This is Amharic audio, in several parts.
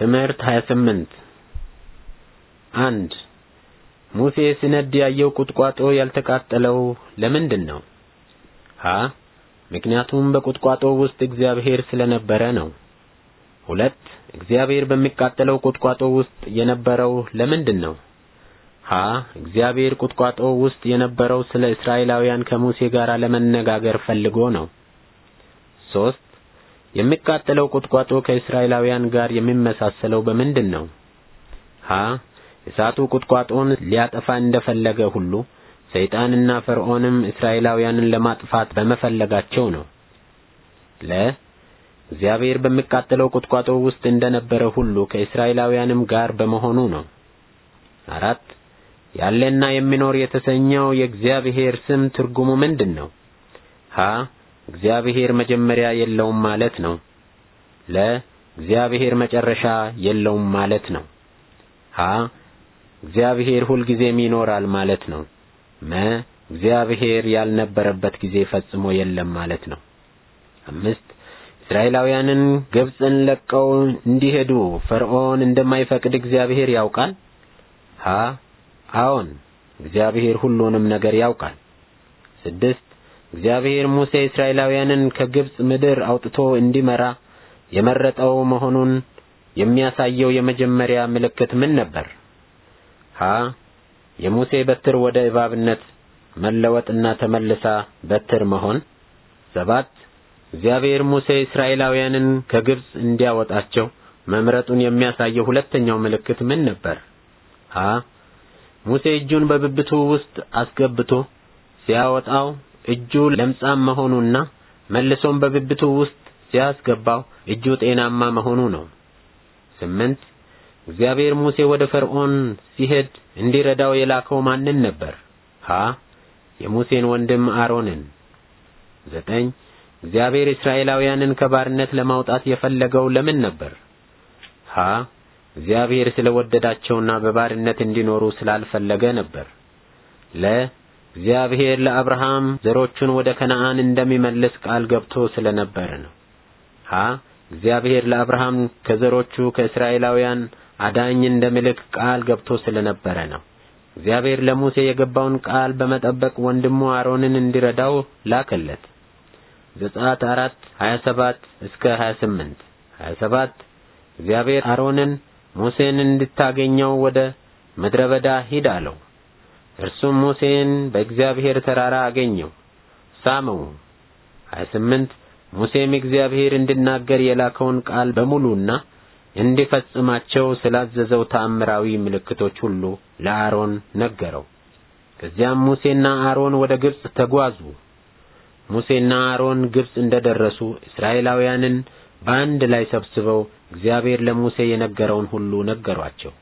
ትምህርት 28 አንድ ሙሴ ሲነድ ያየው ቁጥቋጦ ያልተቃጠለው ለምንድን ነው? ሀ ምክንያቱም በቁጥቋጦ ውስጥ እግዚአብሔር ስለነበረ ነው። ሁለት እግዚአብሔር በሚቃጠለው ቁጥቋጦ ውስጥ የነበረው ለምንድን ነው? ሀ እግዚአብሔር ቁጥቋጦ ውስጥ የነበረው ስለ እስራኤላውያን ከሙሴ ጋር ለመነጋገር ፈልጎ ነው። ሶስት የሚቃጠለው ቁጥቋጦ ከእስራኤላውያን ጋር የሚመሳሰለው በምንድን ነው? ሀ እሳቱ ቁጥቋጦን ሊያጠፋ እንደፈለገ ሁሉ ሰይጣንና ፈርዖንም እስራኤላውያንን ለማጥፋት በመፈለጋቸው ነው። ለ እግዚአብሔር በሚቃጠለው ቁጥቋጦ ውስጥ እንደነበረ ሁሉ ከእስራኤላውያንም ጋር በመሆኑ ነው። አራት ያለና የሚኖር የተሰኘው የእግዚአብሔር ስም ትርጉሙ ምንድን ነው? ሀ እግዚአብሔር መጀመሪያ የለውም ማለት ነው። ለ እግዚአብሔር መጨረሻ የለውም ማለት ነው። ሀ እግዚአብሔር ሁልጊዜም ይኖራል ማለት ነው። መ እግዚአብሔር ያልነበረበት ጊዜ ፈጽሞ የለም ማለት ነው። አምስት እስራኤላውያንን ግብፅን ለቀው እንዲሄዱ ፈርዖን እንደማይፈቅድ እግዚአብሔር ያውቃል። ሀ አዎን፣ እግዚአብሔር ሁሉንም ነገር ያውቃል። ስድስት እግዚአብሔር ሙሴ እስራኤላውያንን ከግብፅ ምድር አውጥቶ እንዲመራ የመረጠው መሆኑን የሚያሳየው የመጀመሪያ ምልክት ምን ነበር? ሀ የሙሴ በትር ወደ እባብነት መለወጥና ተመልሳ በትር መሆን። ሰባት እግዚአብሔር ሙሴ እስራኤላውያንን ከግብፅ እንዲያወጣቸው መምረጡን የሚያሳየው ሁለተኛው ምልክት ምን ነበር? ሀ ሙሴ እጁን በብብቱ ውስጥ አስገብቶ ሲያወጣው እጁ ለምጻም መሆኑና መልሶም በብብቱ ውስጥ ሲያስገባው እጁ ጤናማ መሆኑ ነው። ስምንት እግዚአብሔር ሙሴ ወደ ፈርዖን ሲሄድ እንዲረዳው የላከው ማንን ነበር? ሀ የሙሴን ወንድም አሮንን። ዘጠኝ እግዚአብሔር እስራኤላውያንን ከባርነት ለማውጣት የፈለገው ለምን ነበር? ሀ እግዚአብሔር ስለወደዳቸውና በባርነት እንዲኖሩ ስላልፈለገ ነበር። ለ እግዚአብሔር ለአብርሃም ዘሮቹን ወደ ከነዓን እንደሚመልስ ቃል ገብቶ ነበር ነው። ሀ እግዚአብሔር ለአብርሃም ከዘሮቹ ከእስራኤላውያን አዳኝ እንደሚልክ ቃል ገብቶ ስለነበረ ነው። እግዚአብሔር ለሙሴ የገባውን ቃል በመጠበቅ ወንድሙ አሮንን እንዲረዳው ላከለት። ዘጸአት ሀያ ሰባት እስከ ሀያ ሰባት እግዚአብሔር አሮንን ሙሴን እንድታገኘው ወደ ምድረ በዳ ሂድ አለው። እርሱም ሙሴን በእግዚአብሔር ተራራ አገኘው፣ ሳመው። 28 ሙሴም እግዚአብሔር እንዲናገር የላከውን ቃል በሙሉና እንዲፈጽማቸው ስላዘዘው ተአምራዊ ምልክቶች ሁሉ ለአሮን ነገረው። ከዚያም ሙሴና አሮን ወደ ግብፅ ተጓዙ። ሙሴና አሮን ግብፅ እንደደረሱ እስራኤላውያንን በአንድ ላይ ሰብስበው እግዚአብሔር ለሙሴ የነገረውን ሁሉ ነገሯቸው።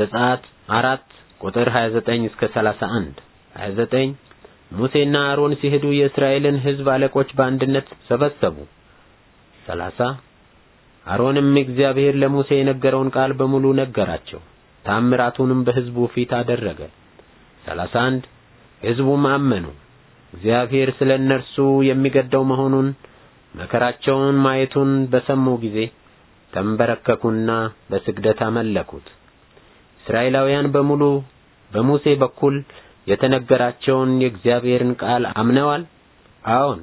ዘጸአት አራት ቁጥር 29 እስከ 31 29 ሙሴና አሮን ሲሄዱ የእስራኤልን ሕዝብ አለቆች በአንድነት ሰበሰቡ። 30 አሮንም እግዚአብሔር ለሙሴ የነገረውን ቃል በሙሉ ነገራቸው። ታምራቱንም በሕዝቡ ፊት አደረገ። 31 ሕዝቡም አመኑ። እግዚአብሔር ስለ እነርሱ የሚገደው መሆኑን መከራቸውን ማየቱን በሰሙ ጊዜ ተንበረከኩና በስግደት አመለኩት። እስራኤላውያን በሙሉ በሙሴ በኩል የተነገራቸውን የእግዚአብሔርን ቃል አምነዋል? አዎን።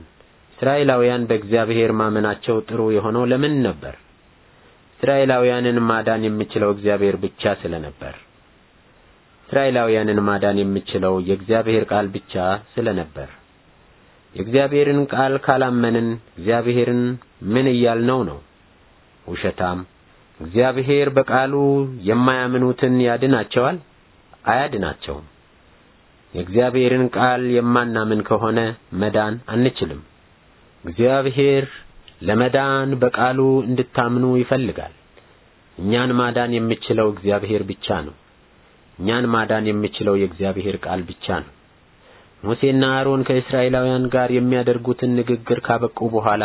እስራኤላውያን በእግዚአብሔር ማመናቸው ጥሩ የሆነው ለምን ነበር? እስራኤላውያንን ማዳን የሚችለው እግዚአብሔር ብቻ ስለነበር። እስራኤላውያንን ማዳን የሚችለው የእግዚአብሔር ቃል ብቻ ስለነበር። የእግዚአብሔርን ቃል ካላመንን እግዚአብሔርን ምን እያልነው ነው? ውሸታም እግዚአብሔር በቃሉ የማያምኑትን ያድናቸዋል? አያድናቸውም። የእግዚአብሔርን ቃል የማናምን ከሆነ መዳን አንችልም። እግዚአብሔር ለመዳን በቃሉ እንድታምኑ ይፈልጋል። እኛን ማዳን የሚችለው እግዚአብሔር ብቻ ነው። እኛን ማዳን የሚችለው የእግዚአብሔር ቃል ብቻ ነው። ሙሴና አሮን ከእስራኤላውያን ጋር የሚያደርጉትን ንግግር ካበቁ በኋላ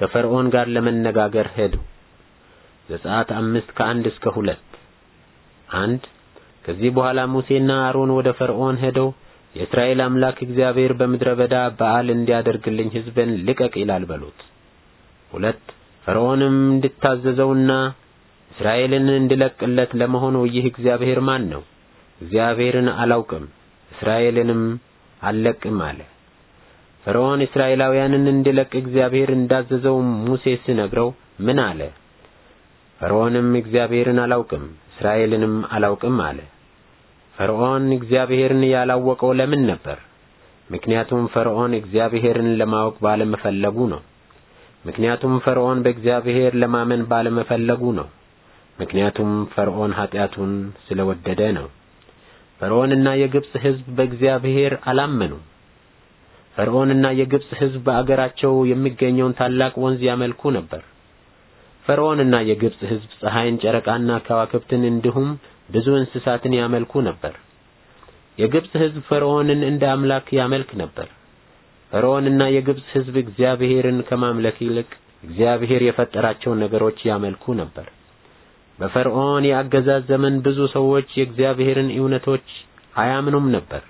ከፈርዖን ጋር ለመነጋገር ሄዱ። ዘጸአት አምስት ከአንድ እስከ ሁለት አንድ ከዚህ በኋላ ሙሴና አሮን ወደ ፈርዖን ሄደው የእስራኤል አምላክ እግዚአብሔር በምድረ በዳ በዓል እንዲያደርግልኝ ሕዝብን ልቀቅ ይላል በሉት። ሁለት ፈርዖንም እንድታዘዘውና እስራኤልን እንድለቅለት ለመሆኑ ይህ እግዚአብሔር ማን ነው? እግዚአብሔርን አላውቅም እስራኤልንም አልለቅም አለ። ፈርዖን እስራኤላውያንን እንድለቅ እግዚአብሔር እንዳዘዘው ሙሴ ሲነግረው ምን አለ? ፈርዖንም እግዚአብሔርን አላውቅም እስራኤልንም አላውቅም አለ። ፈርዖን እግዚአብሔርን ያላወቀው ለምን ነበር? ምክንያቱም ፈርዖን እግዚአብሔርን ለማወቅ ባለመፈለጉ ነው። ምክንያቱም ፈርዖን በእግዚአብሔር ለማመን ባለመፈለጉ ነው። ምክንያቱም ፈርዖን ስለ ስለወደደ ነው። ፈርዖንና የግብፅ ሕዝብ በእግዚአብሔር አላመኑም። ፈርዖንና የግብፅ ሕዝብ በአገራቸው የሚገኘውን ታላቅ ወንዝ ያመልኩ ነበር። ፈርዖንና የግብፅ ሕዝብ ፀሐይን፣ ጨረቃና ከዋክብትን እንዲሁም ብዙ እንስሳትን ያመልኩ ነበር። የግብፅ ሕዝብ ፈርዖንን እንደ አምላክ ያመልክ ነበር። ፈርዖንና የግብፅ ሕዝብ እግዚአብሔርን ከማምለክ ይልቅ እግዚአብሔር የፈጠራቸውን ነገሮች ያመልኩ ነበር። በፈርዖን የአገዛዝ ዘመን ብዙ ሰዎች የእግዚአብሔርን እውነቶች አያምኑም ነበር።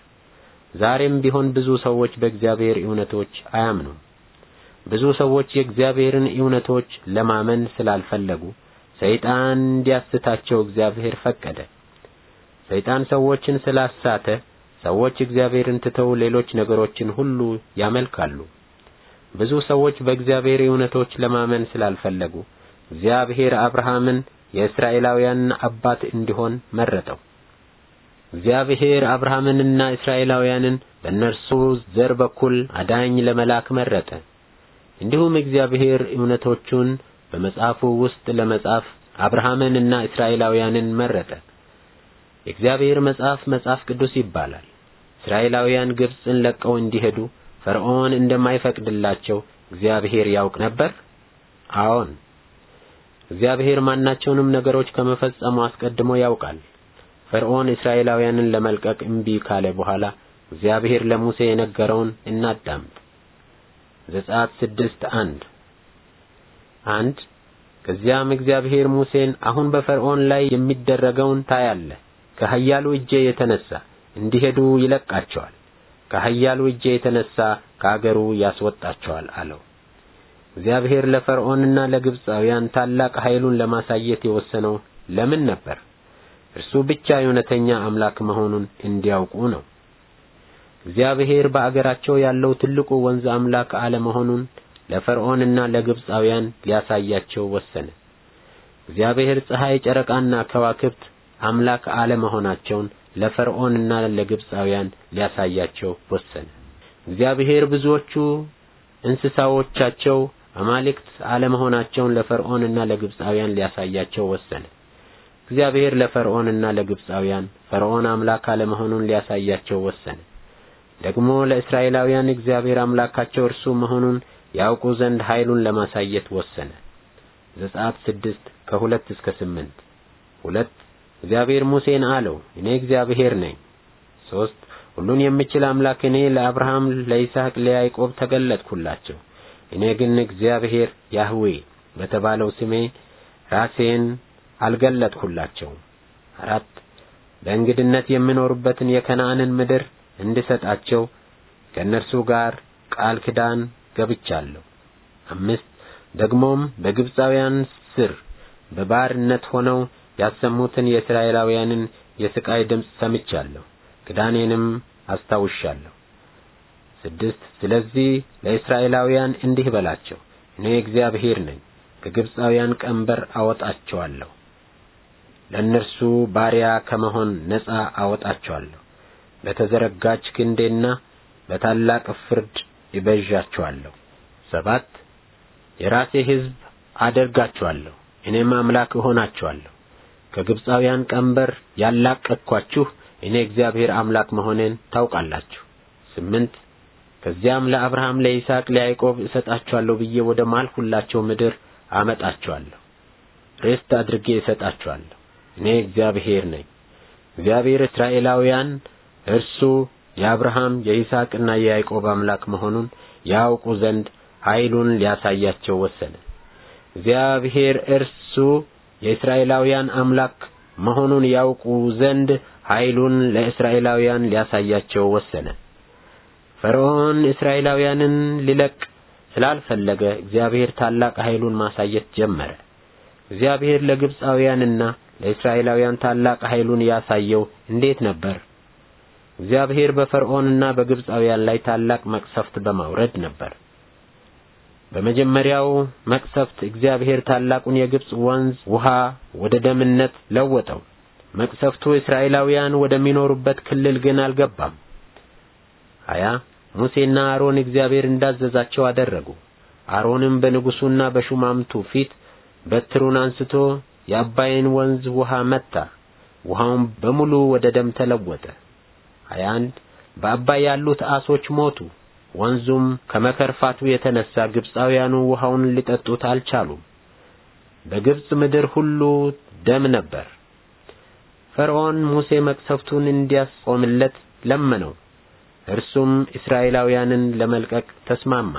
ዛሬም ቢሆን ብዙ ሰዎች በእግዚአብሔር እውነቶች አያምኑም። ብዙ ሰዎች የእግዚአብሔርን እውነቶች ለማመን ስላልፈለጉ ሰይጣን እንዲያስታቸው እግዚአብሔር ፈቀደ። ሰይጣን ሰዎችን ስላሳተ ሰዎች እግዚአብሔርን ትተው ሌሎች ነገሮችን ሁሉ ያመልካሉ። ብዙ ሰዎች በእግዚአብሔር እውነቶች ለማመን ስላልፈለጉ እግዚአብሔር አብርሃምን የእስራኤላውያን አባት እንዲሆን መረጠው። እግዚአብሔር አብርሃምንና እስራኤላውያንን በእነርሱ ዘር በኩል አዳኝ ለመላክ መረጠ። እንዲሁም እግዚአብሔር እምነቶቹን በመጽሐፉ ውስጥ ለመጻፍ አብርሃምንና እስራኤላውያንን መረጠ። የእግዚአብሔር መጽሐፍ መጽሐፍ ቅዱስ ይባላል። እስራኤላውያን ግብፅን ለቀው እንዲሄዱ ፈርዖን እንደማይፈቅድላቸው እግዚአብሔር ያውቅ ነበር? አዎን። እግዚአብሔር ማናቸውንም ነገሮች ከመፈጸሙ አስቀድሞ ያውቃል። ፈርዖን እስራኤላውያንን ለመልቀቅ እምቢ ካለ በኋላ እግዚአብሔር ለሙሴ የነገረውን እናዳምጥ። ዘጸአት ስድስት አንድ አንድ ከዚያም እግዚአብሔር ሙሴን አሁን በፈርዖን ላይ የሚደረገውን ታያለህ። ከኃያሉ እጄ የተነሳ እንዲሄዱ ይለቃቸዋል። ከኃያሉ እጄ የተነሳ ከአገሩ ያስወጣቸዋል አለው። እግዚአብሔር ለፈርዖንና ለግብፃውያን ታላቅ ኃይሉን ለማሳየት የወሰነው ለምን ነበር? እርሱ ብቻ የእውነተኛ አምላክ መሆኑን እንዲያውቁ ነው። እግዚአብሔር በአገራቸው ያለው ትልቁ ወንዝ አምላክ አለመሆኑን ለፈርዖንና ለግብፃውያን ሊያሳያቸው ወሰነ። እግዚአብሔር ፀሐይ፣ ጨረቃና ከዋክብት አምላክ አለመሆናቸውን ለፈርዖንና ለግብፃውያን ሊያሳያቸው ወሰነ። እግዚአብሔር ብዙዎቹ እንስሳዎቻቸው አማልክት አለመሆናቸውን ለፈርዖንና ለግብፃውያን ሊያሳያቸው ወሰነ። እግዚአብሔር ለፈርዖንና ለግብፃውያን ፈርዖን አምላክ አለመሆኑን ሊያሳያቸው ወሰነ። ደግሞ ለእስራኤላውያን እግዚአብሔር አምላካቸው እርሱ መሆኑን ያውቁ ዘንድ ኃይሉን ለማሳየት ወሰነ። ዘጸአት ስድስት ከሁለት እስከ ስምንት ሁለት እግዚአብሔር ሙሴን አለው እኔ እግዚአብሔር ነኝ። ሶስት ሁሉን የምችል አምላክ እኔ ለአብርሃም፣ ለይስሐቅ፣ ለያዕቆብ ተገለጥኩላቸው። እኔ ግን እግዚአብሔር ያህዌ በተባለው ስሜ ራሴን አልገለጥሁላቸውም። አራት በእንግድነት የምኖርበትን የከነዓንን ምድር እንድሰጣቸው ከእነርሱ ጋር ቃል ኪዳን ገብቻለሁ። አምስት ደግሞም በግብፃውያን ስር በባርነት ሆነው ያሰሙትን የእስራኤላውያንን የስቃይ ድምፅ ሰምቻለሁ፣ ኪዳኔንም አስታውሻለሁ። ስድስት ስለዚህ ለእስራኤላውያን እንዲህ በላቸው፣ እኔ እግዚአብሔር ነኝ፣ ከግብፃውያን ቀንበር አወጣቸዋለሁ፣ ለእነርሱ ባሪያ ከመሆን ነፃ አወጣቸዋለሁ። በተዘረጋች ክንዴና በታላቅ ፍርድ እቤዣቸዋለሁ። ሰባት የራሴ ሕዝብ አደርጋቸዋለሁ፣ እኔም አምላክ እሆናቸዋለሁ። ከግብፃውያን ቀንበር ያላቀቅኳችሁ እኔ እግዚአብሔር አምላክ መሆኔን ታውቃላችሁ። ስምንት ከዚያም ለአብርሃም ለይስሐቅ፣ ለያዕቆብ እሰጣቸዋለሁ ብዬ ወደ ማልሁላቸው ምድር አመጣቸዋለሁ፣ ርስት አድርጌ እሰጣቸዋለሁ። እኔ እግዚአብሔር ነኝ። እግዚአብሔር እስራኤላውያን እርሱ የአብርሃም የይስሐቅና የያዕቆብ አምላክ መሆኑን ያውቁ ዘንድ ኃይሉን ሊያሳያቸው ወሰነ። እግዚአብሔር እርሱ የእስራኤላውያን አምላክ መሆኑን ያውቁ ዘንድ ኃይሉን ለእስራኤላውያን ሊያሳያቸው ወሰነ። ፈርዖን እስራኤላውያንን ሊለቅ ስላልፈለገ እግዚአብሔር ታላቅ ኃይሉን ማሳየት ጀመረ። እግዚአብሔር ለግብፃውያንና ለእስራኤላውያን ታላቅ ኃይሉን ያሳየው እንዴት ነበር? እግዚአብሔር በፈርዖንና በግብፃውያን ላይ ታላቅ መቅሰፍት በማውረድ ነበር። በመጀመሪያው መቅሰፍት እግዚአብሔር ታላቁን የግብፅ ወንዝ ውሃ ወደ ደምነት ለወጠው። መቅሰፍቱ እስራኤላውያን ወደሚኖሩበት ክልል ግን አልገባም። ሀያ ሙሴና አሮን እግዚአብሔር እንዳዘዛቸው አደረጉ። አሮንም በንጉሡና በሹማምቱ ፊት በትሩን አንስቶ የአባይን ወንዝ ውሃ መታ። ውሃውም በሙሉ ወደ ደም ተለወጠ። 21 በአባይ ያሉት አሶች ሞቱ። ወንዙም ከመከርፋቱ የተነሳ ግብፃውያኑ ውሃውን ሊጠጡት አልቻሉም። በግብፅ ምድር ሁሉ ደም ነበር። ፈርዖን ሙሴ መቅሰፍቱን እንዲያስቆምለት ለመነው። እርሱም እስራኤላውያንን ለመልቀቅ ተስማማ።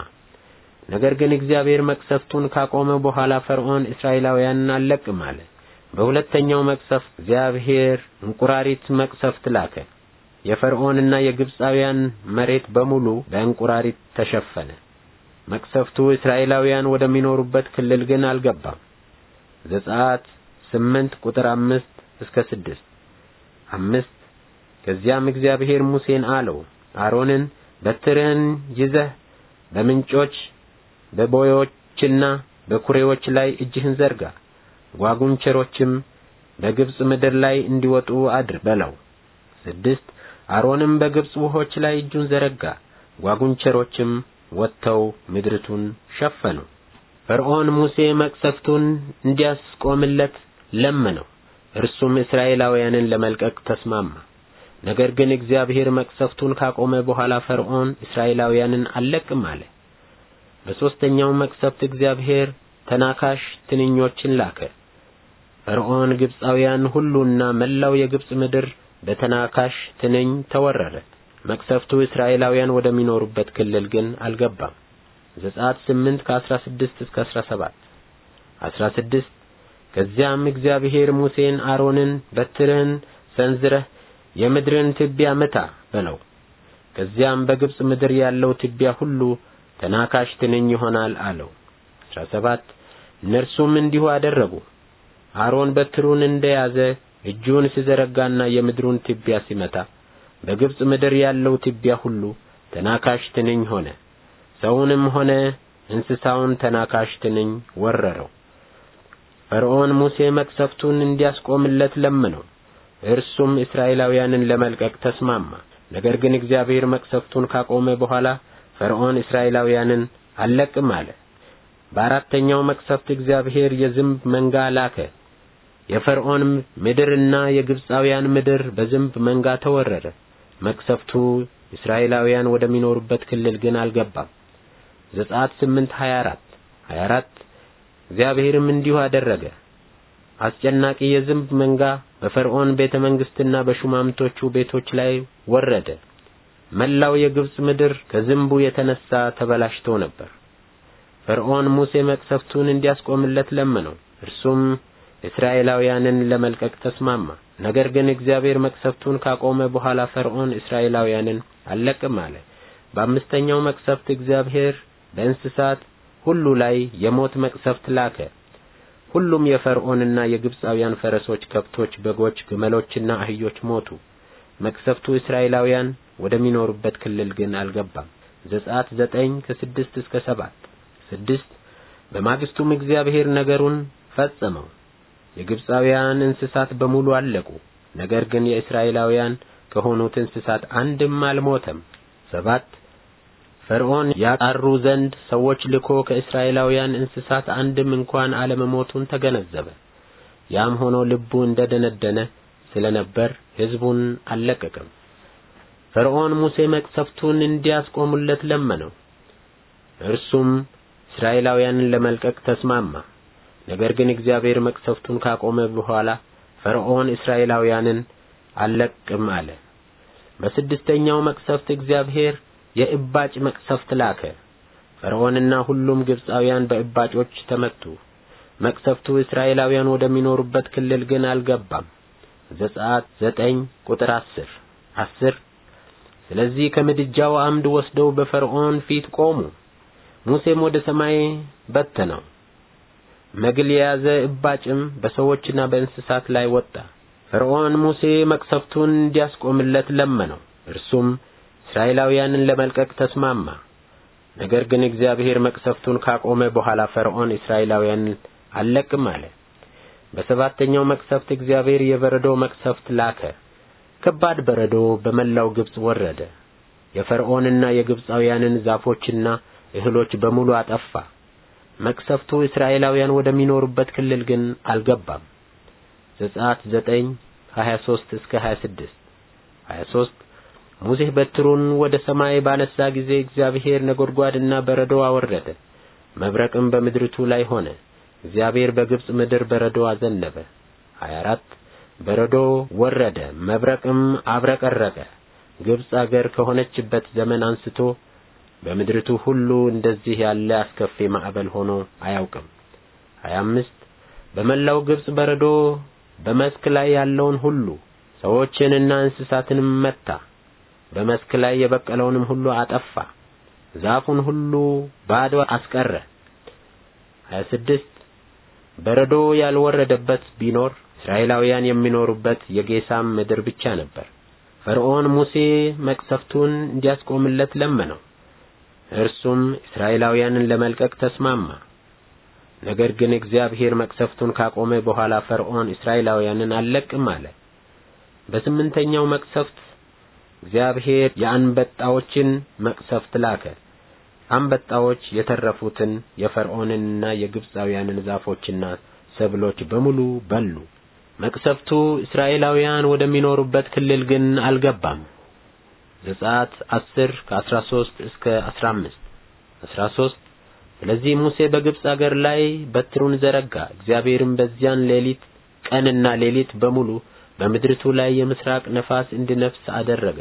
ነገር ግን እግዚአብሔር መቅሰፍቱን ካቆመ በኋላ ፈርዖን እስራኤላውያንን አልለቅም አለ። በሁለተኛው መቅሰፍት እግዚአብሔር እንቁራሪት መቅሰፍት ላከ። የፈርዖንና የግብፃውያን መሬት በሙሉ በእንቁራሪት ተሸፈነ። መቅሰፍቱ እስራኤላውያን ወደሚኖሩበት ክልል ግን አልገባም። ዘጸአት ስምንት ቁጥር አምስት እስከ ስድስት አምስት ከዚያም እግዚአብሔር ሙሴን አለው፣ አሮንን በትርህን ይዘህ በምንጮች በቦዮችና በኩሬዎች ላይ እጅህን ዘርጋ፣ ጓጉንቸሮችም በግብፅ ምድር ላይ እንዲወጡ አድር በለው። ስድስት አሮንም በግብፅ ውሆች ላይ እጁን ዘረጋ፣ ጓጉንቸሮችም ወጥተው ምድርቱን ሸፈኑ። ፈርዖን ሙሴ መቅሰፍቱን እንዲያስቆምለት ለመነው፣ እርሱም እስራኤላውያንን ለመልቀቅ ተስማማ። ነገር ግን እግዚአብሔር መቅሰፍቱን ካቆመ በኋላ ፈርዖን እስራኤላውያንን አልለቅም አለ። በሦስተኛው መቅሰፍት እግዚአብሔር ተናካሽ ትንኞችን ላከ። ፈርዖን ግብፃውያን ሁሉና መላው የግብፅ ምድር በተናካሽ ትንኝ ተወረረ። መቅሰፍቱ እስራኤላውያን ወደሚኖሩበት ክልል ግን አልገባም። ዘጸአት 8 ከ16 እስከ 17 16 ከዚያም እግዚአብሔር ሙሴን አሮንን በትርህን ሰንዝረህ የምድርን ትቢያ ምታ በለው። ከዚያም በግብጽ ምድር ያለው ትቢያ ሁሉ ተናካሽ ትንኝ ይሆናል አለው። 17 እነርሱም እንዲሁ አደረጉ። አሮን በትሩን እንደያዘ እጁን ሲዘረጋና የምድሩን ትቢያ ሲመታ በግብፅ ምድር ያለው ትቢያ ሁሉ ተናካሽ ትንኝ ሆነ። ሰውንም ሆነ እንስሳውን ተናካሽ ትንኝ ወረረው። ፈርዖን ሙሴ መቅሰፍቱን እንዲያስቆምለት ለምነው፣ እርሱም እስራኤላውያንን ለመልቀቅ ተስማማ። ነገር ግን እግዚአብሔር መቅሰፍቱን ካቆመ በኋላ ፈርዖን እስራኤላውያንን አልለቅም አለ። በአራተኛው መቅሰፍት እግዚአብሔር የዝንብ መንጋ ላከ። የፈርዖን ምድርና የግብፃውያን ምድር በዝንብ መንጋ ተወረረ። መቅሰፍቱ እስራኤላውያን ወደሚኖሩበት ክልል ግን አልገባም። ዘጸአት 8 24 24 እግዚአብሔርም እንዲሁ አደረገ። አስጨናቂ የዝንብ መንጋ በፈርዖን ቤተ መንግስትና በሹማምቶቹ ቤቶች ላይ ወረደ። መላው የግብፅ ምድር ከዝንቡ የተነሳ ተበላሽቶ ነበር። ፈርዖን ሙሴ መቅሰፍቱን እንዲያስቆምለት ለመነው። እርሱም እስራኤላውያንን ለመልቀቅ ተስማማ። ነገር ግን እግዚአብሔር መቅሰፍቱን ካቆመ በኋላ ፈርዖን እስራኤላውያንን አልለቅም አለ። በአምስተኛው መቅሰፍት እግዚአብሔር በእንስሳት ሁሉ ላይ የሞት መቅሰፍት ላከ። ሁሉም የፈርዖንና የግብፃውያን ፈረሶች፣ ከብቶች፣ በጎች፣ ግመሎችና አህዮች ሞቱ። መቅሰፍቱ እስራኤላውያን ወደሚኖሩበት ክልል ግን አልገባም። ዘጸአት ዘጠኝ ከስድስት እስከ ሰባት ስድስት በማግስቱም እግዚአብሔር ነገሩን ፈጸመው። የግብፃውያን እንስሳት በሙሉ አለቁ። ነገር ግን የእስራኤላውያን ከሆኑት እንስሳት አንድም አልሞተም። ሰባት ፈርዖን ያጣሩ ዘንድ ሰዎች ልኮ ከእስራኤላውያን እንስሳት አንድም እንኳን አለመሞቱን ተገነዘበ። ያም ሆኖ ልቡ እንደደነደነ ስለነበር ሕዝቡን አልለቀቀም። ፈርዖን ሙሴ መቅሰፍቱን እንዲያስቆሙለት ለመነው። እርሱም እስራኤላውያንን ለመልቀቅ ተስማማ። ነገር ግን እግዚአብሔር መቅሰፍቱን ካቆመ በኋላ ፈርዖን እስራኤላውያንን አልለቅም አለ። በስድስተኛው መቅሰፍት እግዚአብሔር የእባጭ መቅሰፍት ላከ። ፈርዖንና ሁሉም ግብፃውያን በእባጮች ተመቱ። መቅሰፍቱ እስራኤላውያን ወደሚኖሩበት ክልል ግን አልገባም። ዘጸአት ዘጠኝ ቁጥር አስር አስር ስለዚህ ከምድጃው አምድ ወስደው በፈርዖን ፊት ቆሙ። ሙሴም ወደ ሰማይ በተነው። መግል የያዘ እባጭም በሰዎችና በእንስሳት ላይ ወጣ። ፈርዖን ሙሴ መቅሰፍቱን እንዲያስቆምለት ለመነው። እርሱም እስራኤላውያንን ለመልቀቅ ተስማማ። ነገር ግን እግዚአብሔር መቅሰፍቱን ካቆመ በኋላ ፈርዖን እስራኤላውያንን አልለቅም አለ። በሰባተኛው መቅሰፍት እግዚአብሔር የበረዶ መቅሰፍት ላከ። ከባድ በረዶ በመላው ግብፅ ወረደ። የፈርዖንና የግብፃውያንን ዛፎችና እህሎች በሙሉ አጠፋ። መቅሰፍቱ እስራኤላውያን ወደሚኖሩበት ክልል ግን አልገባም። ዘጸአት 9 23 እስከ 26 23 ሙሴ በትሩን ወደ ሰማይ ባነሳ ጊዜ እግዚአብሔር ነጎድጓድና በረዶ አወረደ፣ መብረቅም በምድሪቱ ላይ ሆነ። እግዚአብሔር በግብጽ ምድር በረዶ አዘነበ። 24 በረዶ ወረደ፣ መብረቅም አብረቀረቀ። ግብጽ አገር ከሆነችበት ዘመን አንስቶ በምድርቱ ሁሉ እንደዚህ ያለ አስከፊ ማዕበል ሆኖ አያውቅም። 25 በመላው ግብጽ በረዶ በመስክ ላይ ያለውን ሁሉ ሰዎችንና እንስሳትንም መታ፣ በመስክ ላይ የበቀለውንም ሁሉ አጠፋ፣ ዛፉን ሁሉ ባዶ አስቀረ። 26 በረዶ ያልወረደበት ቢኖር እስራኤላውያን የሚኖሩበት የጌሳም ምድር ብቻ ነበር። ፈርዖን ሙሴ መቅሰፍቱን እንዲያስቆምለት ለመነው። እርሱም እስራኤላውያንን ለመልቀቅ ተስማማ። ነገር ግን እግዚአብሔር መቅሰፍቱን ካቆመ በኋላ ፈርዖን እስራኤላውያንን አልለቅም አለ። በስምንተኛው መቅሰፍት እግዚአብሔር የአንበጣዎችን መቅሰፍት ላከ። አንበጣዎች የተረፉትን የፈርዖንንና የግብፃውያንን ዛፎችና ሰብሎች በሙሉ በሉ። መቅሰፍቱ እስራኤላውያን ወደሚኖሩበት ክልል ግን አልገባም። ዘጸአት 10 ከ13 እስከ 15 13 ስለዚህ ሙሴ በግብፅ አገር ላይ በትሩን ዘረጋ። እግዚአብሔርም በዚያን ሌሊት ቀንና ሌሊት በሙሉ በምድርቱ ላይ የምስራቅ ነፋስ እንዲነፍስ አደረገ።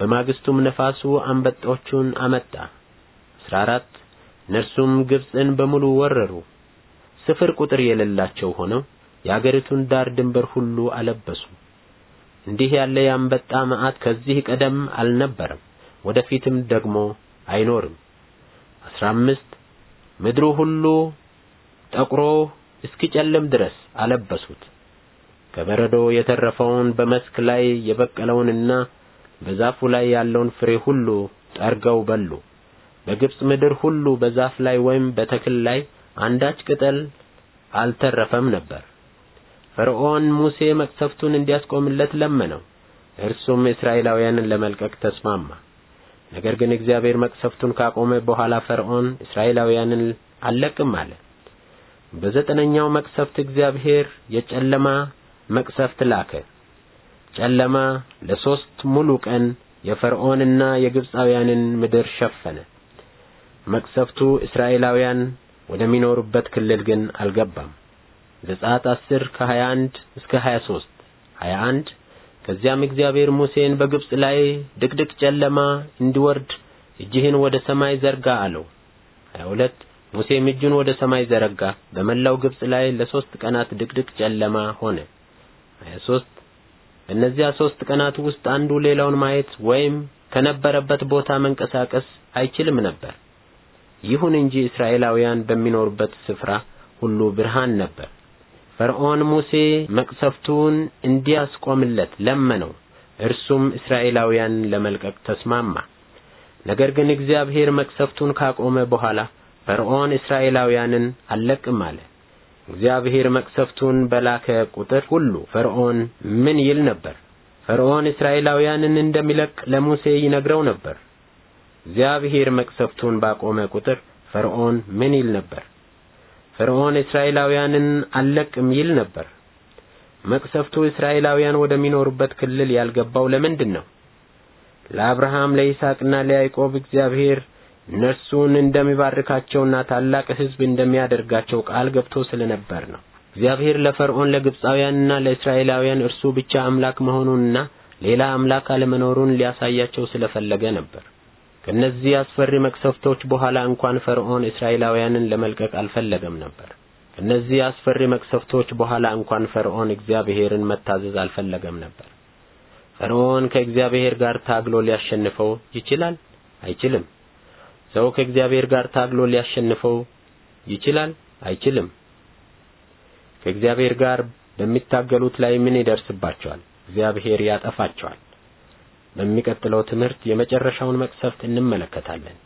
በማግስቱም ነፋሱ አንበጦቹን አመጣ። 14 እነርሱም ግብፅን በሙሉ ወረሩ። ስፍር ቁጥር የሌላቸው ሆነው የአገሪቱን ዳር ድንበር ሁሉ አለበሱ። እንዲህ ያለ የአንበጣ መዓት ከዚህ ቀደም አልነበረም፣ ወደፊትም ደግሞ አይኖርም። አስራ አምስት ምድሩ ሁሉ ጠቁሮ እስኪጨልም ድረስ አለበሱት። ከበረዶ የተረፈውን በመስክ ላይ የበቀለውንና በዛፉ ላይ ያለውን ፍሬ ሁሉ ጠርገው በሉ። በግብፅ ምድር ሁሉ በዛፍ ላይ ወይም በተክል ላይ አንዳች ቅጠል አልተረፈም ነበር። ፈርዖን ሙሴ መቅሰፍቱን እንዲያስቆምለት ለመነው። እርሱም እስራኤላውያንን ለመልቀቅ ተስማማ። ነገር ግን እግዚአብሔር መቅሰፍቱን ካቆመ በኋላ ፈርዖን እስራኤላውያንን አልለቅም አለ። በዘጠነኛው መቅሰፍት እግዚአብሔር የጨለማ መቅሰፍት ላከ። ጨለማ ለሶስት ሙሉ ቀን የፈርዖንና የግብፃውያንን ምድር ሸፈነ። መቅሰፍቱ እስራኤላውያን ወደሚኖሩበት ክልል ግን አልገባም። ዘጸአት 10 ከ21 እስከ 23 21 ከዚያም እግዚአብሔር ሙሴን በግብጽ ላይ ድቅድቅ ጨለማ እንዲወርድ እጅህን ወደ ሰማይ ዘርጋ አለው 22 ሙሴም እጁን ወደ ሰማይ ዘረጋ በመላው ግብጽ ላይ ለሶስት ቀናት ድቅድቅ ጨለማ ሆነ 23 በእነዚያ ሶስት ቀናት ውስጥ አንዱ ሌላውን ማየት ወይም ከነበረበት ቦታ መንቀሳቀስ አይችልም ነበር ይሁን እንጂ እስራኤላውያን በሚኖሩበት ስፍራ ሁሉ ብርሃን ነበር ፈርዖን ሙሴ መቅሰፍቱን እንዲያስቆምለት ለመነው። እርሱም እስራኤላውያን ለመልቀቅ ተስማማ። ነገር ግን እግዚአብሔር መቅሰፍቱን ካቆመ በኋላ ፈርዖን እስራኤላውያንን አልለቅም አለ። እግዚአብሔር መቅሰፍቱን በላከ ቁጥር ሁሉ ፈርዖን ምን ይል ነበር? ፈርዖን እስራኤላውያንን እንደሚለቅ ለሙሴ ይነግረው ነበር። እግዚአብሔር መቅሰፍቱን ባቆመ ቁጥር ፈርዖን ምን ይል ነበር? ፈርዖን እስራኤላውያንን አለቅም ይል ነበር። መቅሰፍቱ እስራኤላውያን ወደሚኖሩበት ክልል ያልገባው ለምንድን ነው? ለአብርሃም ለይስሐቅና ለያዕቆብ እግዚአብሔር እነርሱን እንደሚባርካቸውና ታላቅ ሕዝብ እንደሚያደርጋቸው ቃል ገብቶ ስለነበር ነው። እግዚአብሔር ለፈርዖን ለግብፃውያንና ለእስራኤላውያን እርሱ ብቻ አምላክ መሆኑንና ሌላ አምላክ አለመኖሩን ሊያሳያቸው ስለፈለገ ነበር። ከነዚህ አስፈሪ መቅሰፍቶች በኋላ እንኳን ፈርዖን እስራኤላውያንን ለመልቀቅ አልፈለገም ነበር። ከነዚህ አስፈሪ መቅሰፍቶች በኋላ እንኳን ፈርዖን እግዚአብሔርን መታዘዝ አልፈለገም ነበር። ፈርዖን ከእግዚአብሔር ጋር ታግሎ ሊያሸንፈው ይችላል? አይችልም። ሰው ከእግዚአብሔር ጋር ታግሎ ሊያሸንፈው ይችላል? አይችልም። ከእግዚአብሔር ጋር በሚታገሉት ላይ ምን ይደርስባቸዋል? እግዚአብሔር ያጠፋቸዋል። በሚቀጥለው ትምህርት የመጨረሻውን መቅሰፍት እንመለከታለን።